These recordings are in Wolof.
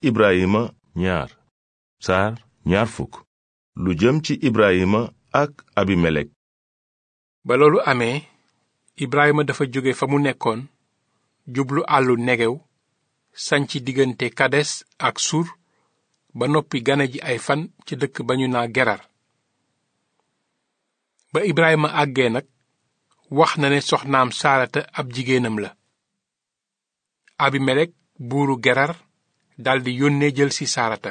ibrahima ñaar saar ñaar lu jëm ci ibrahima ak abimelek ba loolu amee ibrahima dafa jóge fa mu nekkoon jublu àllu negew sanc diggante kades ak sur ba noppi gane ji ay fan ci dëkk ba ñu naa gerar ba ibrahima àggee nag wax na ne soxnaam saarata ab jigéenam la abimelek buuru daldi yónnee jël si saarata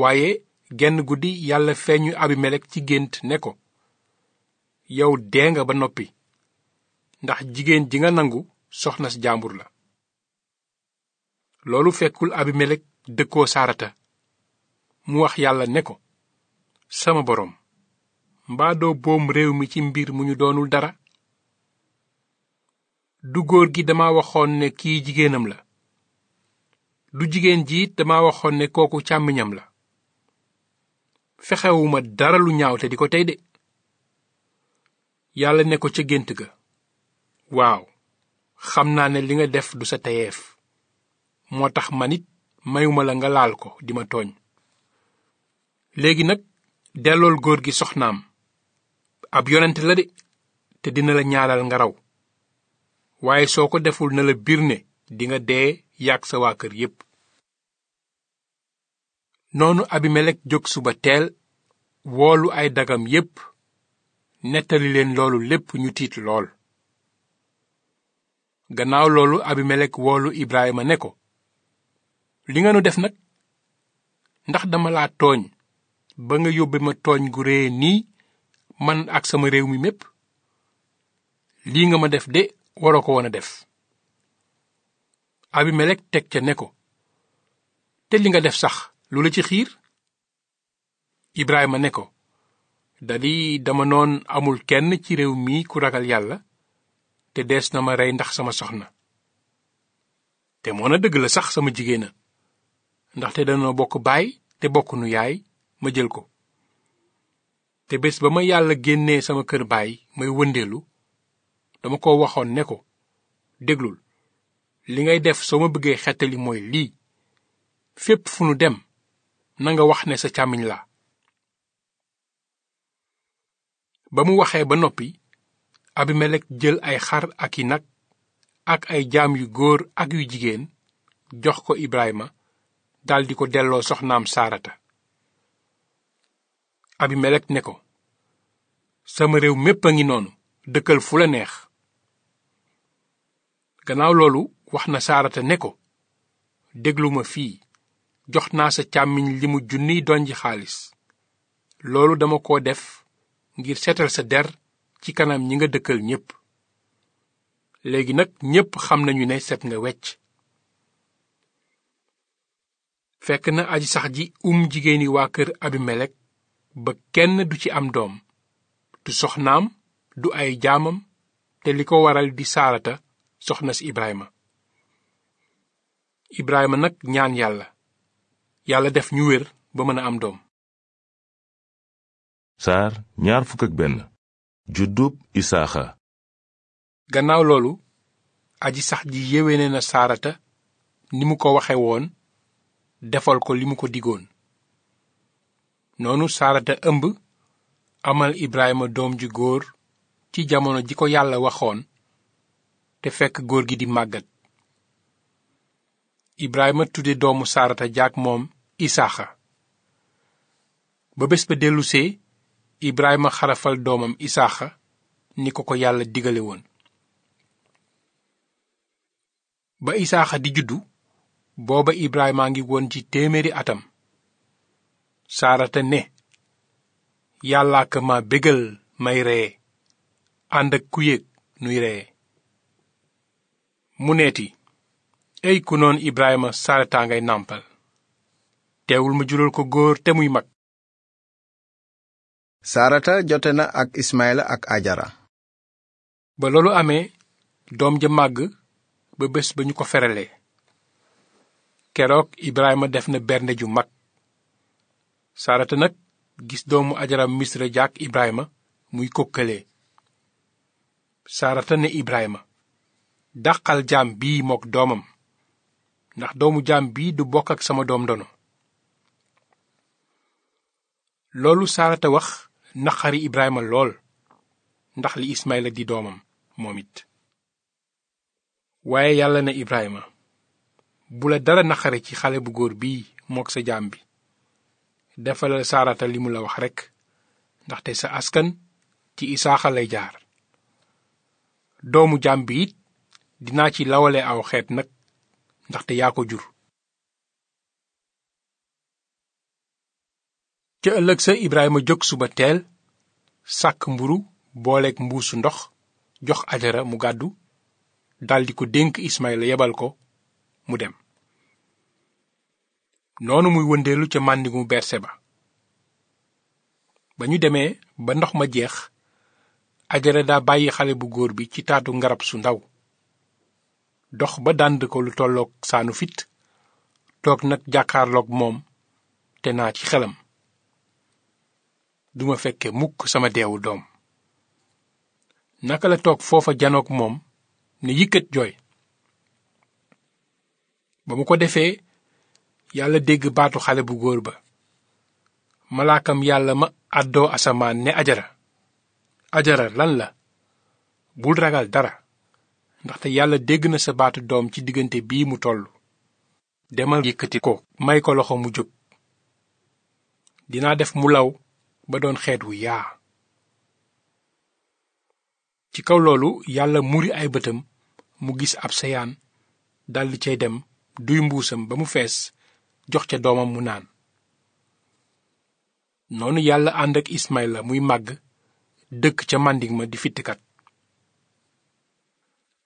waaye genn guddi yàlla feeñu abimelek ci gént ne ko yow dee nga ba noppi ndax jigéen ji nga nangu soxnas jaambur la loolu fekkul abimelek dëkkoo saarata mu wax yàlla ne ko sama boroom mbaa doo boom réew mi ci mbir mu ñu doonul dara du góor gi dama waxoon ne kii jigéenam la du jigéen ji dama waxoon ne kooku càmmiñam la fexewuma dara lu ñaaw te di ko tey de yàlla ne ko ca gént ga waaw xam naa ne li nga def du sa teyeef moo tax man it mayuma la nga laal ko di ma tooñ léegi nag dellool góor gi soxnaam ab yonent la de te dina la ñaaral nga raw waaye soo ko deful na la biir ne dinga dee yàgg sa waa kër yépp noonu abimelek jóg suba teel woolu ay dagam yépp nettali leen loolu lépp ñu tiit lool gannaaw loolu abimelek woolu ibrahima ne ko li nga def nag ndax dama la tooñ ba nga yóbbe ma tooñ gu rëy nii man ak sama réew mi mépp lii nga ma def de waroo ko woon a def abimelek teg ca ne ko te li nga def sax lu la ci xiir ibrahima ne ko dali dama noon amul kenn ci réew mii ku ragal yàlla te dees na ma rey ndax sama soxna te moo na dëgg la sax sama jigéena ndaxte danoo bokk baay te bokk nu yaay ma jël ko te bés ba ma yàlla génnee sama kër baay may wëndeelu dama ko waxoon ne ko déglul li ngay def soo ma bëggee xettali mooy lii fépp fu nu dem na nga wax ne sa càmmiñ la ba mu waxee ba noppi abimelek jël ay xar ak i nag ak ay jaam yu góor ak yu jigéen jox ko ibrahima daldi ko delloo soxnaam saarata abimelek ne ko sama réew mépp a ngi noonu dëkkal fu la neex gannaaw loolu wax na saarata ne ko dégluma ma fii jox naa sa càmmiñ li mu junniy donji xaalis loolu dama ko def ngir seetal sa der ci kanam ñi nga dëkkal ñépp léegi nag ñépp xam nañu ne seet nga wecc fekk na aji sax ji um jigéeni waa kër abimelek ba kenn du ci am doom du soxnaam du ay jaamam te li ko waral di saarata soxna si Ibrahima Ibrahima nag ñaan yàlla yàlla def ñu wér ba mën a am doom. saar ñaar fukk ak benn. juddub isaaxa. gannaaw loolu aji sax ji yéwéne na saarata ni mu ko waxe woon defal ko li mu ko diggoon noonu saarata ëmb amal Ibrahima doom ju góor ci jamono ji ko yàlla waxoon te fekk góor gi di màggat Ibrahima tudde doomu Sarata jaak moom Isaaxa ba bés ba dellusee Ibrahima xarafal doomam Isaaxa ni ko ko yàlla digale woon ba Isaaxa di juddu booba Ibrahima ngi woon ci téeméeri atam Sarata ne yàllaa ka ma bégal may ree ànd ak ku yéeg nuy ree mu neeti ey ku noon Ibrahima sarata ngay nàmpal teewul ma jural ko góor te muy mag sarata jote na ak Ismaila ak ajara ba loolu amee doom ja màgg ba bés ba ñu ko feralee keroog Ibrahima def na bernde ju mag sarata nag gis doomu ajara misra jaak Ibrahima muy kokkalee sarata ne Ibrahima dàqal jaam bii mook doomam ndax doomu jaam bii du bokk ak sama doom ndono loolu saarata wax naqari ibrahima lool ndax li ismaila di doomam moom it waaye yàlla na ibrahima bu la dara naqari ci xale bu góor bii mook sa jaam bi defalal saarata li mu la wax rekk ndaxte sa askan ci isaaxa lay jaar doomu jaam bi it dinaa ci lawale aw xeet nag ndaxte yaa ko jur ca ëllëg sa Ibrahima jóg suba teel sàkk mburu booleeg mbuusu ndox jox ajara mu gàddu daldi ko dénk Ismaila yebal ko mu dem noonu muy wëndeelu ca màndigu Berseba ba ñu demee ba ndox ma jeex ajara daa bàyyi xale bu góor bi ci taatu ngarab su ndaw dox ba dànd ko lu tolloog saanu fit toog nag jàkkaarloog moom te naa ci xelam duma fekke mukk sama deewu doom naka la toog foofa janoog moom ne yëkkat jooy ba mu ko defee yàlla dégg baatu xale bu góor ba malaakam yàlla ma àddoo asamaan ne ajara ajara lan la bul ragal dara ndaxte yàlla dégg na sa baatu doom ci diggante bii mu toll demal yëkkati ko may ko loxo mu jóg dinaa def mu law ba doon xeet wu yaa ci kaw loolu yàlla muri ay bëtam mu gis ab sayaan daldi cay dem duy mbuusam ba mu fees jox ca doomam mu naan noonu yàlla ànd ak la muy màgg dëkk ca màndig ma di fittikat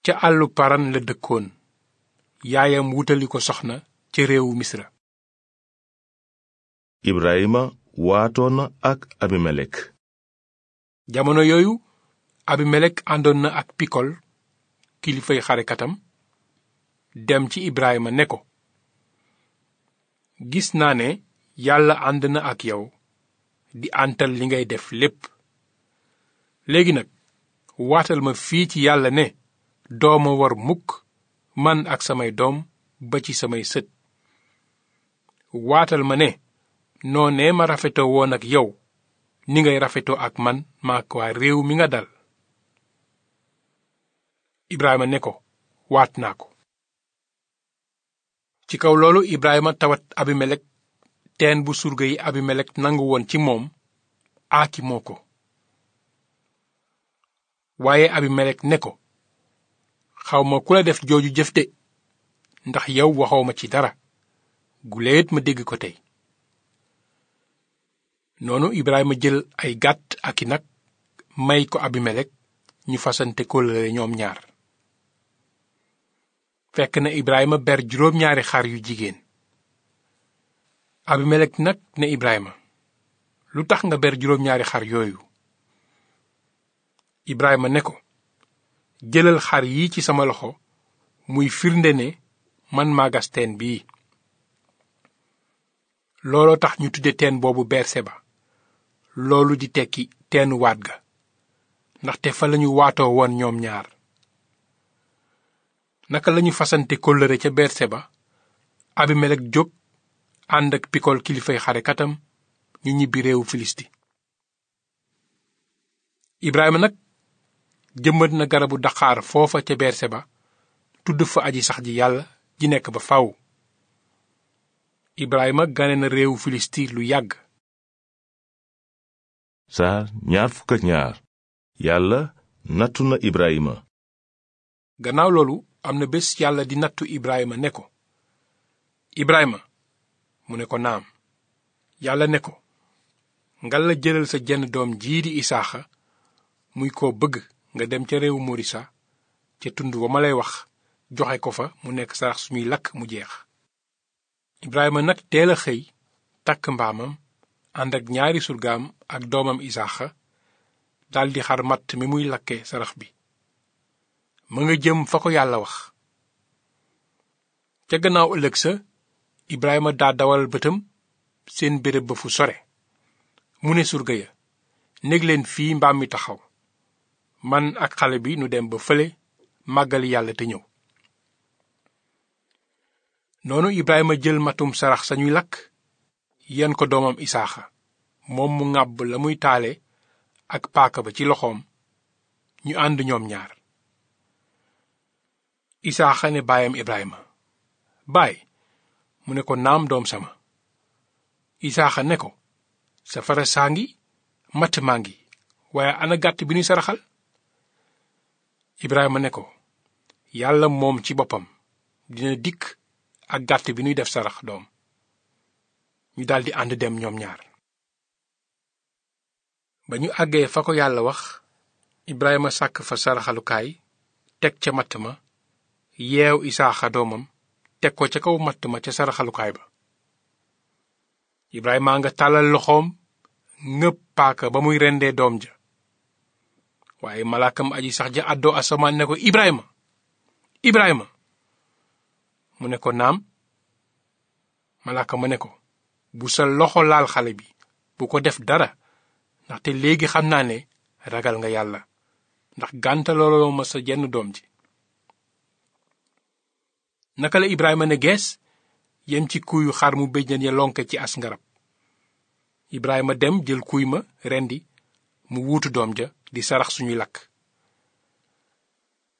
ca àllu paran la dëkkoon yaayam wutali ko soxna ca réewu misra ibrahima waatoon ak abimelek jamono yooyu abimelek àndoon na ak pikol kilifay xarekatam dem ci ibrahima ne ko gis naa ne yàlla ànd na ak yow di àntal li ngay def lépp léegi nag waatal ma fii ci yàlla ne dooma war mukk man ak samay doom ba ci samay sët waatal ma ne noonee ma rafetoo woon ak yow ni ngay rafetoo ak man maak waa réew mi nga dal Ibrahima ne ko waat naa ko ci kaw loolu Ibrahima tawat Abimelek teen bu surga yi Abimelek nangu woon ci moom aaki ko waaye Abimelek ne ko xawma ma ku la def jooju jëf de ndax yow waxoo ci dara guléet ma dégg ko tey noonu Ibrahima jël ay gàtt ak i nag may ko Abimelek ñu fasante kóllëre ñoom ñaar fekk na Ibrahima ber juróom ñaari xar yu jigéen Abimelek nag ne Ibrahima lu tax nga ber juróom ñaari xar yooyu Ibrahima ne ko jëlal xar yi ci sama loxo muy firnde ne man maa gas teen bii looloo tax ñu tudde teen boobu ba loolu di tekki teenu waat ga ndaxte fa lañu waatoo woon ñoom ñaar naka lañu fasante kóllëre ca berseba abimelek jóg ànd ak pikol kilifay xarekatam ñu ñibbi réewu filisti nag jëmbat na garabu daqaar foofa ca berseba tudd fa aji sax ji yàlla ji nekk ba faw ibrahima gane na réewu filistir lu yàgg saar ñaar fukk ñaar yàlla nattu na ibrahima gannaaw loolu am na bés yàlla di nattu ibrahima ne ko ibrahima mu ne ko naam yàlla ne ko nga la jëlal sa jenn doom jii di isaaxa muy ko bëgg nga dem ca réewu Morisa ca tund wa ma lay wax joxe ko fa mu nekk sarax suñuy lakk mu jeex Ibrahima nag teel a xëy takk mbaamam ànd ak ñaari surgaam ak doomam Isaaxa daldi xar matt mi muy lakke sarax bi ma nga jëm fa ko yàlla wax ca gannaaw ëllëg sa Ibrahima daa dawal bëtam seen béréb ba fu sore mu ne surga ya néeg leen fii mbaam mi taxaw man ak xale bi nu dem ba fële màggal yàlla te ñëw noonu Ibrahima jël matum sarax sañuy lakk yan ko doomam Isaaxa moom mu ŋàbb la muy taale ak paaka ba ci loxoom ñu ànd ñoom ñaar Isaaxa ne baayam Ibrahima baay mu ne ko naam doom sama Isaaxa ne ko safara saa ngi matt maa ngi waaye ana gàtt bi ñuy saraxal Ibrahima ne ko yàlla moom ci boppam dina dikk ak gàtt bi nuy def sarax doom ñu daldi ànd dem ñoom ñaar ba ñu àggee fa ko yàlla wax Ibrahima sàkk fa saraxalukaay teg ca matt ma yeew Isaaxa doomam teg ko ca kaw matt ma ca saraxalukaay ba Ibrahima nga tàllal loxoom ngëb paaka ba muy rendee doom ja waaye malaakam aji sax ja àddoo asamaan ne ko Ibrahima Ibrahima mu ne ko naam malaaka ma ne ko bu sa loxo laal xale bi bu ko def dara ndaxte léegi xam naa ne ragal nga yàlla ndax gàntaloo ma sa jenn doom ji naka la Ibrahima ne gees yem ci kuyu xar mu béjjën ya lonke ci as ngarab Ibrahima dem jël kuy ma rendi mu wuutu doom ja di sarax suñuy lakk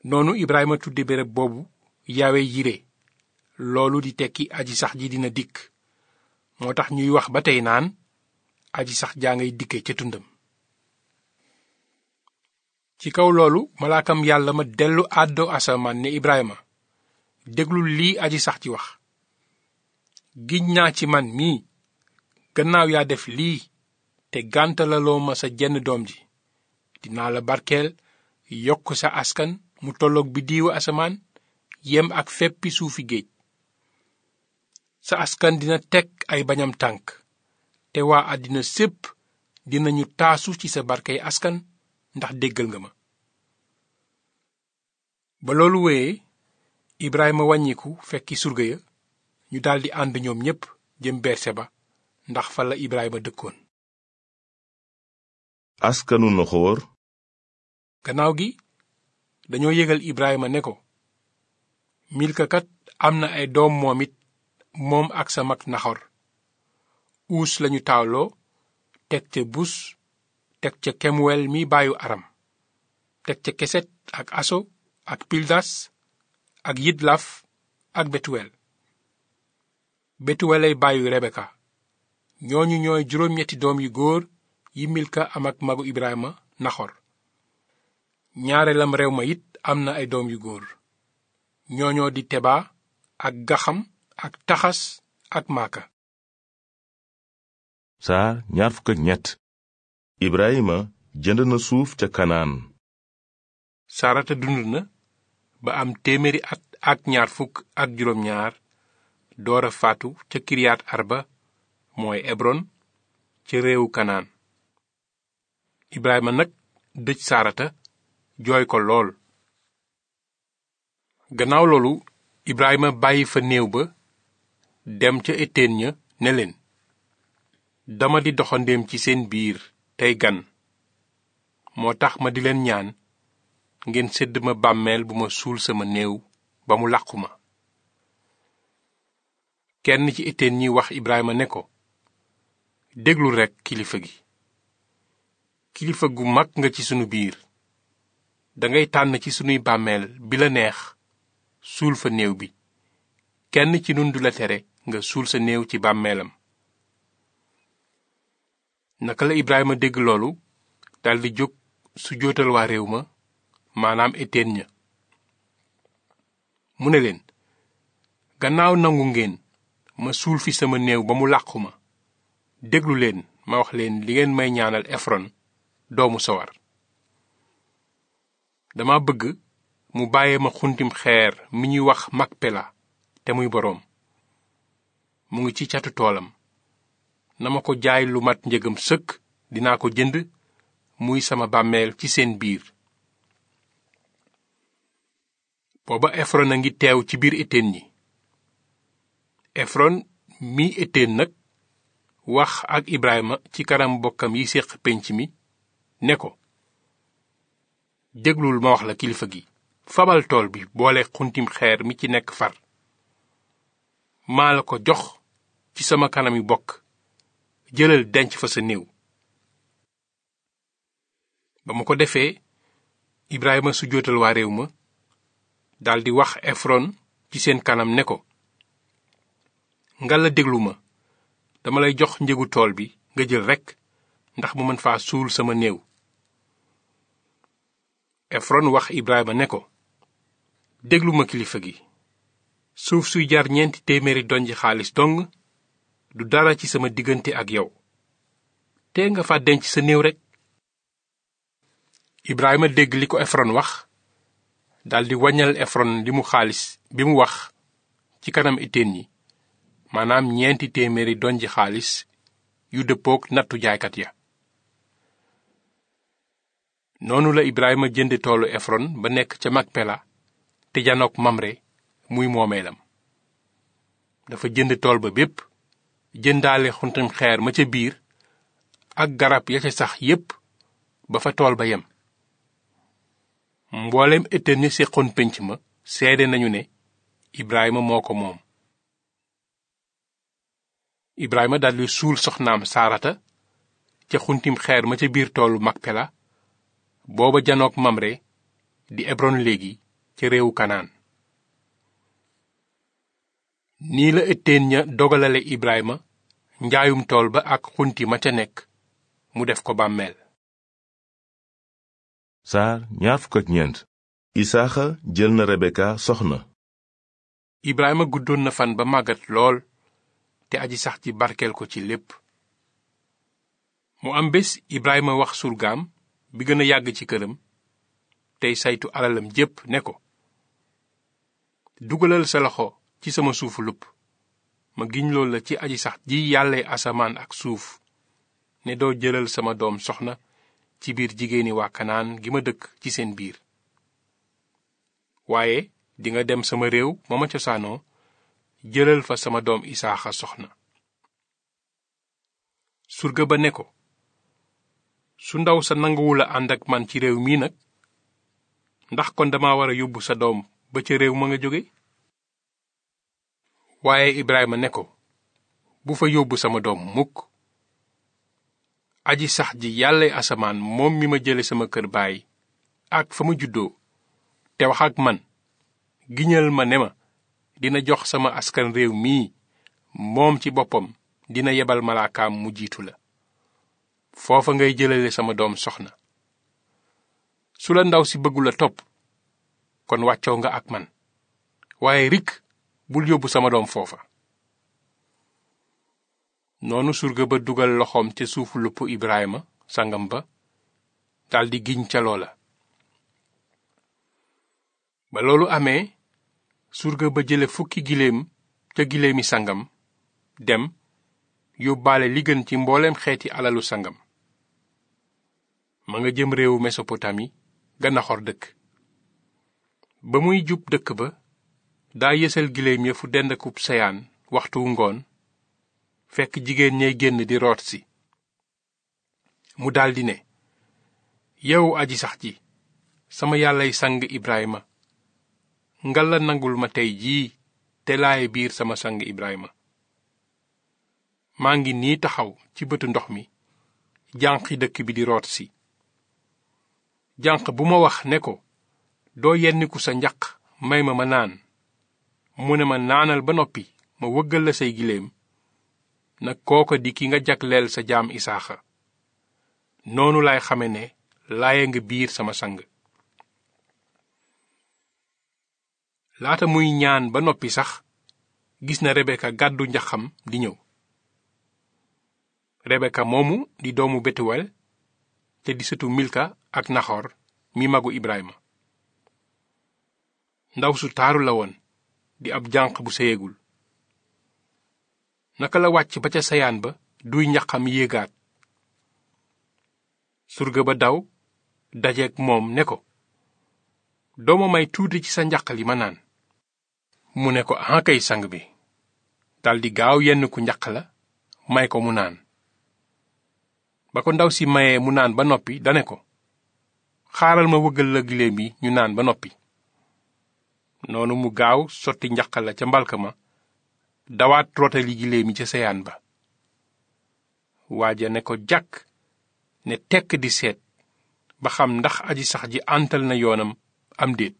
noonu Ibrahima tudde béréb boobu Yahwe yire loolu di tekki aji sax ji dina dikk moo tax ñuy wax ba tey naan aji sax jaa ngay dikke ca tundam ci kaw loolu malaakam yàlla ma dellu àddoo asamaan ne Ibrahima déglul lii aji sax ci wax giñ naa ci man mii gannaaw yaa def lii te gàntalaloo ma sa jenn doom ji dinaa la barkeel yokk sa askan mu tolloog bi diiwu asamaan yem ak feppi suufu géej sa askan dina teg ay bañam tànk te waa àddina sépp dinañu taasu ci sa barke askan ndax déggal nga ma ba loolu wéyee Ibrahima wàññiku fekki surga ya ñu daldi ànd ñoom ñépp jëm Berseba ndax fa la Ibrahima dëkkoon askanu Noxoor gannaaw gi dañoo yégal Ibrahima ne ko milka kat am na ay doom moom it moom ak sa mag naxor uus lañu taawloo teg ca buus teg ca kemuwel mi baayu aram teg ca keset ak aso ak pildas ak yidlaf ak betuwel betuwelay baayu rebeka ñooñu ñooy juróom-ñetti doom yu góor yi milka am ak magu Ibrahima naxor ñaareelam réew ma am na ay doom yu góor ñooñoo di tebaa ak gaxam ak taxas ak maaka jënd na suuf ca kanaan sarata dund na ba am téeméeri at ak doora faatu ca kiriyaat arba mooy ebron ca réewu kanaan ibrahima nag dëj saarata jooy ko lool gannaaw loolu Ibrahima bàyyi fa néew ba dem ca eteen ña ne leen dama di doxandeem ci seen biir tey gan moo tax ma di leen ñaan ngeen sedd ma bàmmeel bu ma suul sama néew ba mu làqu ma kenn ci eteen ñi wax Ibrahima ne ko déglu rekk kilifa gi kilifa gu mag nga ci sunu biir dangay tànn ci sunuy bàmmeel bi la neex suul fa néew bi kenn ci nun du la tere nga suul sa néew ci bàmmeelam naka la Ibrahima dégg loolu daldi jóg su jootal waa réew ma maanaam eteen ña mu ne leen gannaaw nangu ngeen ma suul fi sama néew ba mu làqu ma déglu leen ma wax leen li ngeen may ñaanal Efron doomu Sowar dama bëgg mu bàyyee ma xuntim xeer mi ñuy wax Makpela te muy boroom mu ngi ci catu toolam na ma ko jaay lu mat njëgam sëkk dinaa ko jënd muy sama bàmmeel ci seen biir booba Efron a ngi teew ci biir Éten ñi Efron mi Éten nag wax ak Ibrahima ci kanam bokkam yi séq pénc mi ne ko déglul ma wax la kilifa gi fabal tool bi boole xuntim xeer mi ci nekk far maa la ko jox ci sama kanam kanami bokk jëlal denc fa sa néew ba mu ko defee Ibrahima su jootal waa réew ma daldi wax Efron ci seen kanam ne ko ngal la déglu ma dama lay jox njégu tool bi nga jël rekk ndax mu mën faa suul sama néew efron wax Ibrahima ne ko déglu ma kilifa gi suuf suy jar ñeenti téeméeri donji xaalis don du dara ci sama diggante ak yow te nga fa denc sa néew rek Ibrahima dégg li ko efron wax daldi waññal efron li mu xaalis bi mu wax ci kanam iteen yi maanaam ñeenti téeméeri donji xaalis yu dëppook nattu jaaykat ya noonu la Ibrahima jënde toolu Efron ba nekk ca Makpela te janook Mamre muy moomeelam dafa jënd tool ba bépp jëndaale xuntum xeer ma ca biir ak garab ya ca sax yépp ba fa tool ba yem mboolem ëttam ñi seqoon pénc ma seede nañu ne Ibrahima moo ko moom Ibrahima daldi suul soxnaam Saarata ca xuntim xeer ma ca biir toolu Makpela booba janook Mamre di Ebron léegi ca réewu Kanaan nii la ëtteen ña dogalale Ibrahima njaayum tool ba ak xunti ma ca nekk mu def ko bàmmeel saar ñaar fukk ak isaaxa jël na rebeka soxna Ibrahima guddoon na fan ba màggat lool te aji sax ci barkeel ko ci lépp mu am bés Ibrahima wax surgaam bi gën a yàgg ci këram tey saytu alalam jépp né ko dugalal sa loxo ci sama suufu lupp ma giñ la ci aji sax ji yàllay asamaan ak suuf ne doo jëlal sama doom soxna ci biir jigéeni waa Kanaan gi ma dëkk ci seen biir waaye dinga dem sama réew ma ma cosaanoo jëlal fa sama doom Isaaxa soxna surga su ndaw sa nanguwul a ànd ak man ci réew mii nag ndax kon dama war a yóbbu sa doom ba ca réew ma nga jóge waaye Ibrahima ne ko bu fa yóbbu sama doom mukk aji sax ji yàllay asamaan moom mi ma jële sama kër baay ak fa ma juddoo te wax ak man giñal ma ne ma dina jox sama askan réew mii moom ci boppam dina yebal malaakaam mu jiitu la foofa ngay jëlale sama doom soxna su la ndaw si bëggula topp kon wàccoo nga ak man waaye rik bul yóbbu sama doom foofa noonu surga ba dugal loxoom ca suufu lupp Ibrahima sangam ba daldi giñ ca loola ba loolu amee surga ba jële fukki giléem ca giléemi sangam dem yóbbaale li gën ci mboolem xeeti alalu sangam ma nga jëm réewu mesopotami ga dëkk ba muy jub dëkk ba daa yësal giléem ya fu dendakub seyaan waxtu ngoon fekk jigéen ñay génn di root si mu daldi ne yow aji sax ci sama yàllay sang Ibrahima ngalla nangul ma tey jii te laay biir sama sang Ibrahima maa ngi nii taxaw ci bëtu ndox mi jànqi dëkk bi di root si janq bu ma wax ne ko doo yenniku sa njaq may ma ma naan mu ne ma naanal ba noppi ma wëggal la say giléem nag kooka di ki nga jagleel sa jaam isaaxa noonu laay xame ne laaya nga biir sama sang laata muy ñaan ba noppi sax gis na rebeka gàddu njaxam di ñëw rebeka moomu di doomu betuwel te di sëtu milka ak naxor mi magu ibrahima ndaw su taaru la woon di ab jànq bu séyegul naka la wàcc ba ca sayaan ba duy njaqam yéegaat surga ba daw dajeek moom ne ko dooma may tuuti ci sa njaq li ma naan mu ne ko ankay ah sang bi daldi gaaw yenn ku njaq la may ko mu naan ba ko ndaw si mayee mu naan ba noppi dane ko xaaral ma wëggal la giléem yi ñu naan ba noppi noonu mu gaaw sotti njaq la ca mbalka ma dawaat rootali giléem yi ca seyaan ba waa ja ne ko jàkk ne tekk di seet ba xam ndax aji sax ji àntal na yoonam am déet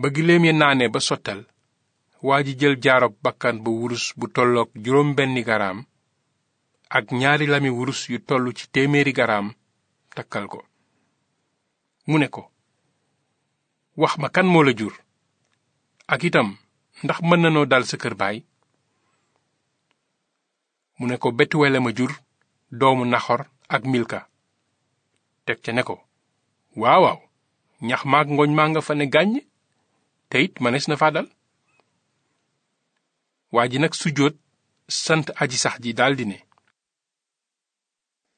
ba giléem ya naanee ba sottal waa ji jël jaarob bakkan bu wurus bu tolloog juróom benni garaam ak ñaari lami wurus yu tollu ci téeméeri garaam takkal ko mu ne ko wax ma kan moo la jur ak itam ndax mën nanoo dal sa kër baay mu ne ko betuwele ma jur doomu naxor ak milka teg ca ne ko waaw waaw ñax maag ngooñ maa nga fa ne gàññ te manees na faa dal waa ji nag sujjóot sant aji sax ji daldi ne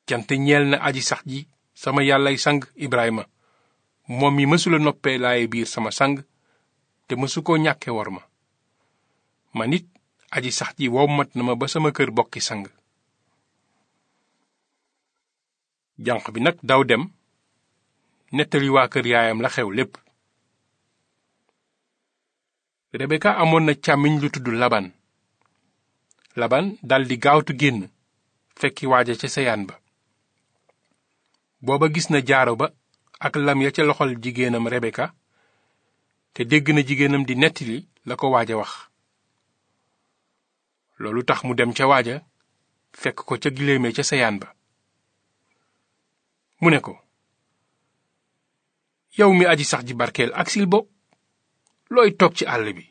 cant ñeel na aji sax ji sama yàllay sang Ibrahima moom mi mësula noppee laaye biir sama sang te mësu koo ñàkke war ma ma nit aji sax ji wommat na ma ba sama kër bokki sang janq bi nag daw dem nettali waa kër yaayam la xew lépp Rebeka amoon na càmmiñ lu tudd Laban laban daldi gaawtu génn fekki waaja ca seyaan ba booba gis na jaaro ba ak lam ya ca loxol jigéenam rebeka te dégg na jigéenam di nettali la ko waaja wax loolu tax mu dem ca waaja fekk ko ca giléeme ca seyaan ba mu ne ko yow mi aji sax ji barkeel ak silbo looy toog ci àll bi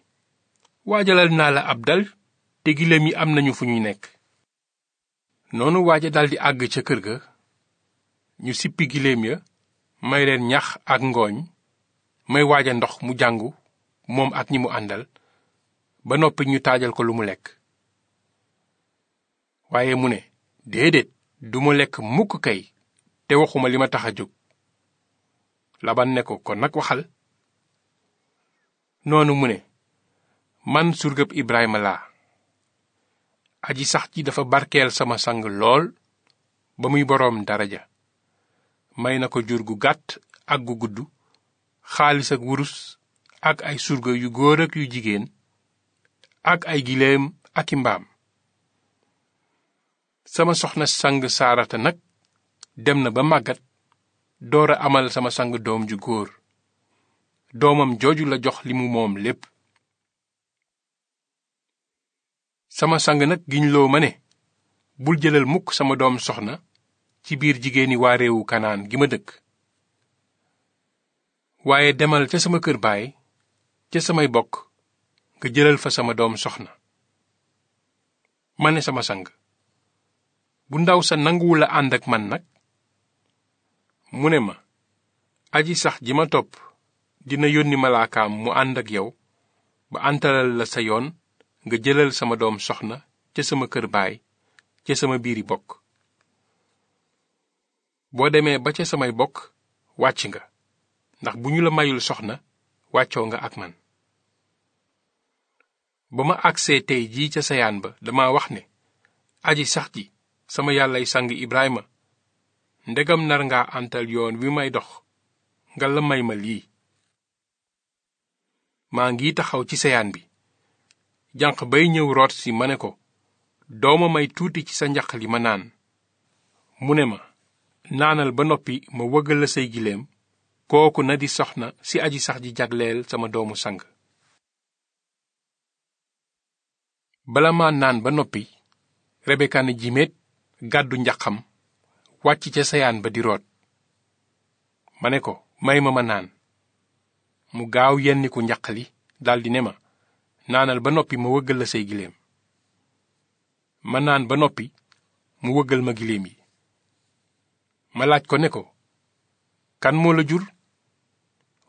waajalal naa la ab dal te giléem yi am nañu fu ñu nekk noonu waaja daldi àgg ca kër ga ñu sippi giléem ya may leen ñax ak ngooñ may waaja ndox mu jàngu moom ak ñi mu àndal ba noppi ñu taajal ko lu mu lekk waaye mu ne déedéet du ma lekk mukk kay te waxuma li ma tax a jóg laban ne ko kon nag waxal noonu mu ne man surgab Ibrahima laa aji sax ji dafa barkeel sama sang lool ba muy boroom daraja may na ko jur gu gàtt ak gu gudd xaalis ak wurus ak ay surgo yu góor ak yu jigéen ak ay gileem ak i mbaam sama soxna sang saarata nag dem na ba màggat door a amal sama sang doom ju góor doomam jooju la jox li mu moom lépp sama sang nag loo ma ne bul jëlal mukk sama doom soxna ci biir jigéeni waa réewu kanaan gi ma dëkk waaye demal ca sama kër baay ca samay bokk nga jëlal fa sama doom soxna ma ne sama sang bu ndaw sa nanguwula ànd ak man nag mu ne ma aji sax ji ma topp dina yónni malaakaam mu ànd ak yow ba àntalal la sa yoon nga jëlal sama doom soxna ca sama kër baay ca sama biiri bokk boo demee ba ca samay bokk wàcc nga ndax bu ñu la mayul soxna wàccoo nga ak man ba ma agsee tey jii ca sayaan ba dama wax ne aji sax ji sama yàllay sang Ibrahima ndegam nar ngaa antal yoon wi may dox nga la may ma lii maa ngi taxaw ci sayaan bi janq bay ñëw root si ma ne ko dooma may tuuti ci sa njaq li ma naan mu ne ma naanal ba noppi ma wëggal la say gileem kooku na di soxna si aji sax ji jagleel sama doomu sang bala ma naan ba noppi rebeka ne jiméet gàddu njaqam wàcc ca sayaan ba di root ma ne ko may ma ma naan mu gaaw yenniku njaq li daldi ne ma naanal ba noppi ma wëggal la say giléem ma naan ba noppi mu wëggal ma giléem yi ma laaj ko ne ko kan moo la jur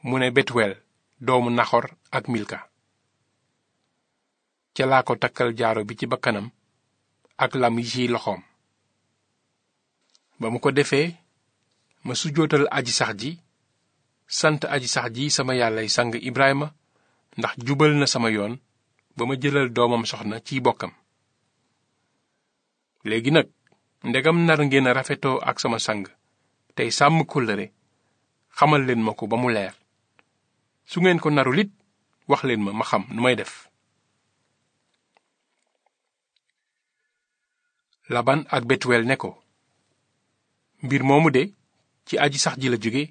mu ne betuwel doomu naxor ak milka ca laa ko takkal jaaro bi ci bakkanam ak lam yi ci loxoom ba mu ko defee ma sujjootal aji sax ji sant aji sax ji sama yàllay sang Ibrahima ndax jubal na sama yoon ba ma jëlal doomam soxna ci bokkam léegi nag ndegam nar ngeen a rafetoo ak sama sang tey sàmm kóllëre xamal leen ma ko ba mu leer su ngeen ko narul it wax leen ma ma xam nu may def laban ak betuwel ne ko mbir moomu de ci aji sax ji la jóge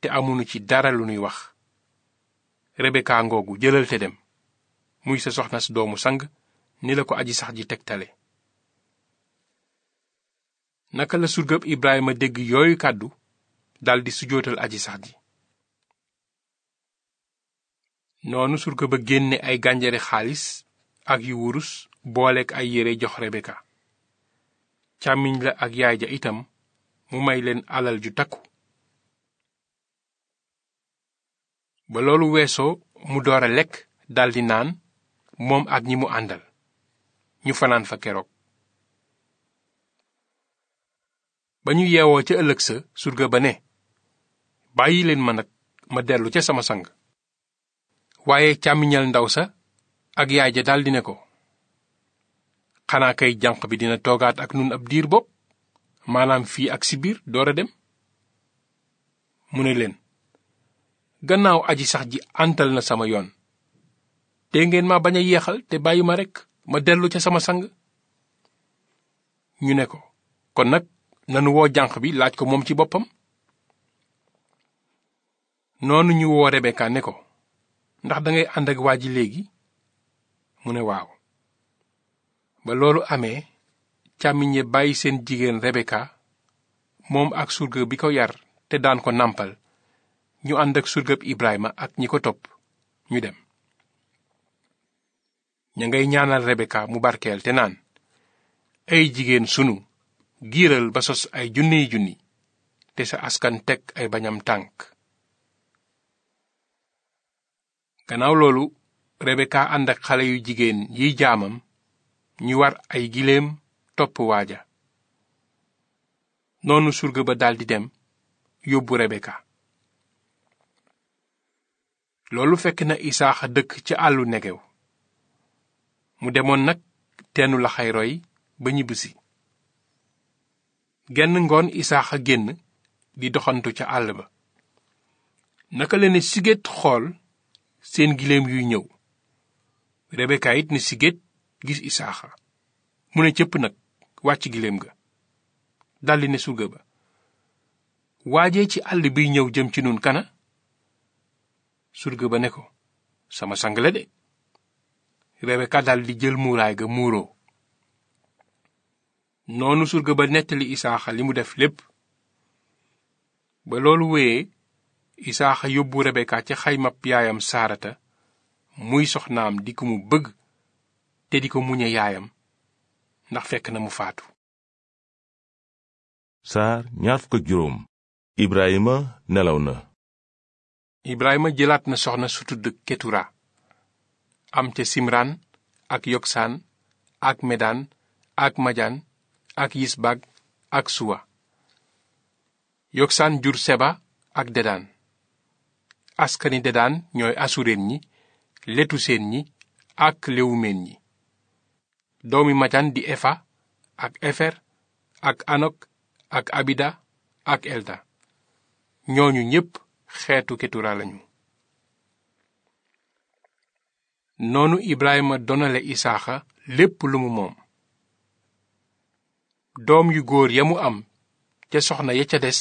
te amuñu ci dara lu nuy wax rebeka ngoogu jëlal te dem muy sa soxna doomu sang ni la ko aji sax ji tegtale naka la surgab Ibrahima dégg yooyu kàddu daldi sujootal aji sax ji noonu surga a génne ay gànjare xaalis ak yu wurus booleek ay yére jox rebeka càmmiñ la ak yaay ja itam mu may leen alal ju takku ba loolu weesoo mu door a lekk daldi naan moom ak ñi mu àndal ñu fanaan fa keroog ba ñu yeewoo ca ëllëg sa surga ba ne bàyyi leen ma nag ma dellu ca sama sang waaye càmmiñal ndaw sa ak yaay ja daldi ne ko xanaa kay janq bi dina toogaat ak nun ab diir bopp maanaam fii ak si biir door a dem mu ne leen gannaaw aji sax ji àntal na sama yoon te ngeen ma bañ a yeexal te bàyyi ma rekk ma dellu ca sama sang ñu ne ko kon nag nanu woo jànq bi laaj ko moom ci boppam noonu ñu woo Rebeka ne ko ndax dangay ànd ak waa ji léegi mu ne waaw ba loolu amee càmmiñe bàyyi seen jigéen Rebeka moom ak surga bi ko yar te daan ko nàmpal ñu ànd ak surgab Ibrahima ak ñi ko topp ñu dem ña ngay ñaanal Rebeka mu barkeel te naan ay jigéen sunu giiral ba sos ay junniy junni te sa askan teg ay bañam tànk gannaaw loolu Rebeka ànd ak xale yu jigéen yiy jaamam ñu war ay gileem topp waaja noonu surga ba daldi dem yóbbu Rebeka loolu fekk na isaaxa dëkk ca àllu negew mu demoon nag teenu la xayroy ba ñibbisi genn ngoon isaaxa génn di doxantu ca àll ba naka la ne siget xool seen giléem yuy ñëw rebeka it ne siget gis isaaxa mu ne cëpp nag wàcc giléem ga daldi ne surga ba waajee ci àll biy ñëw jëm ci nun kana surga ba ne ko sama sang la de Rebeka dal jël muuraay ga muuroo noonu surga ba nettali Isaaxa li mu def lépp ba loolu wéyee Isaaxa yóbbu Rebeka ci xaymab yaayam Saarata muy soxnaam di ko mu bëgg te di ko muñe yaayam ndax fekk na mu faatu saar nelaw na Ibrahima jëlaat na soxna su tudd Ketura am ca Simran ak yoksan ak Medaan ak majan ak Yisbag ak Suwa Yoksaan jur Seba ak Dedaan askani Dedaan ñooy Asureen ñi Letuseen ñi ak Lewumeen ñi doomi majan di Efa ak Efer ak Anok ak Abida ak Elda ñooñu ñépp xeetu ketura lañu noonu Ibrahima donale Isaaxa lépp lu mu moom doom yu góor ya mu am ca soxna ya ca des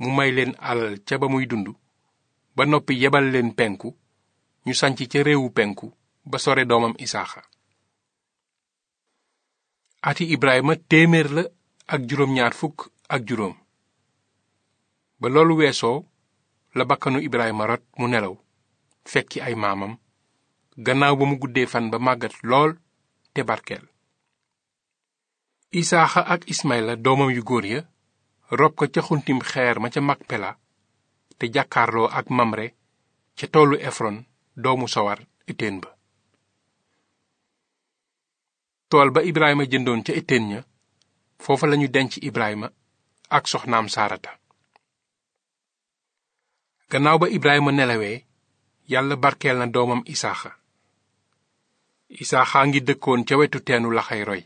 mu may leen alal ca ba muy dund ba noppi yebal leen penku ñu sanc ca réewu penku ba sore doomam Isaaxa ati Ibrahima téeméer la ak juróom ñaar fukk ak juróom ba loolu weesoo la bakkanu Ibrahima rot mu nelaw fekki ay maamam gannaaw ba mu guddee fan ba màggat lool te barkeel isaaxa ak ismayla doomam yu góor ya rob ko ca xuntim xeer ma ca Makpela te jàkkaarloo ak Mamre ca toolu Efron doomu sawar eteen ba tool ba jëndoon ca eteen ña foofa lañu denc Ibrahima ak soxnaam Saarata gannaaw ba Ibrahima nelawee yàlla barkeel na doomam Isaaxa Isaaxa ngi dëkkoon ca wetu teenu laxay roy